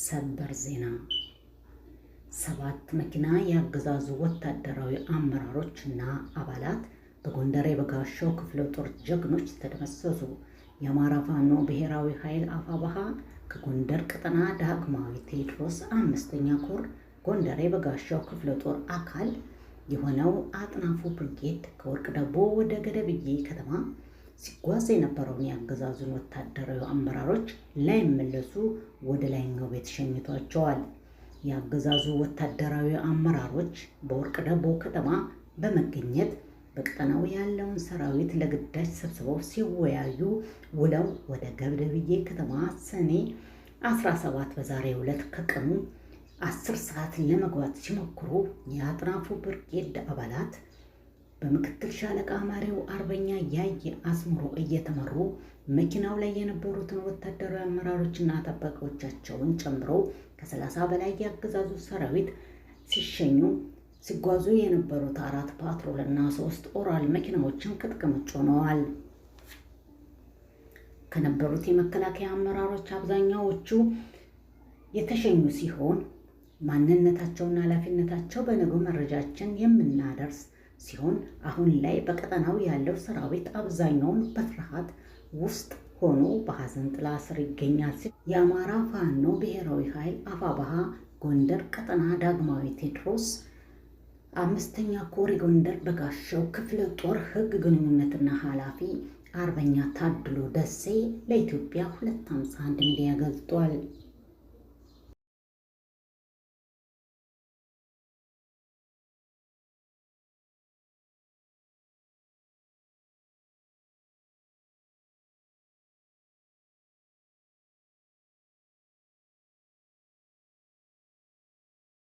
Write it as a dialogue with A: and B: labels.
A: ሰበር ዜና ሰባት መኪና የአገዛዙ ወታደራዊ አመራሮች እና አባላት በጎንደር የበጋሻው ክፍለ ጦር ጀግኖች ተደመሰሱ። የአማራ ፋኖ ብሔራዊ ኃይል አፋባሃ ከጎንደር ቀጠና ዳግማዊ ቴዎድሮስ አምስተኛ ኮር ጎንደር የበጋሻው ክፍለ ጦር አካል የሆነው አጥናፉ ብርጌድ ከወርቅ ደቦ ወደ ገደብዬ ከተማ ሲጓዝ የነበረውን የአገዛዙን ወታደራዊ አመራሮች ላይመለሱ ወደ ላይኛው ቤት ሸኝቷቸዋል። የአገዛዙ ወታደራዊ አመራሮች በወርቅ ደቦ ከተማ በመገኘት በቀጠናው ያለውን ሰራዊት ለግዳጅ ሰብስበው ሲወያዩ ውለው ወደ ገብደብዬ ከተማ ሰኔ 17 በዛሬ ዕለት ከቀኑ 10 ሰዓት ለመግባት ሲሞክሩ የአጥናፉ ብርጌድ አባላት በምክትል ሻለቃ ማሪው አርበኛ ያየ አስምሮ እየተመሩ መኪናው ላይ የነበሩትን ወታደራዊ አመራሮችና ጠበቆቻቸውን ጨምሮ ከሰላሳ በላይ የአገዛዙ ሰራዊት ሲሸኙ ሲጓዙ የነበሩት አራት ፓትሮል ና ሶስት ኦራል መኪናዎችን ቅጥቅምጭ ሆነዋል። ከነበሩት የመከላከያ አመራሮች አብዛኛዎቹ የተሸኙ ሲሆን ማንነታቸውና ኃላፊነታቸው በነገው መረጃችን የምናደርስ ሲሆን አሁን ላይ በቀጠናው ያለው ሰራዊት አብዛኛውን በፍርሃት ውስጥ ሆኖ በሀዘን ጥላ ስር ይገኛል ሲል የአማራ ፋኖ ብሔራዊ ኃይል አፋባሃ ጎንደር ቀጠና ዳግማዊ ቴድሮስ አምስተኛ ኮር ጎንደር በጋሻው ክፍለ ጦር ሕግ ግንኙነትና ኃላፊ አርበኛ ታድሎ ደሴ ለኢትዮጵያ 251 ሚዲያ ገልጧል።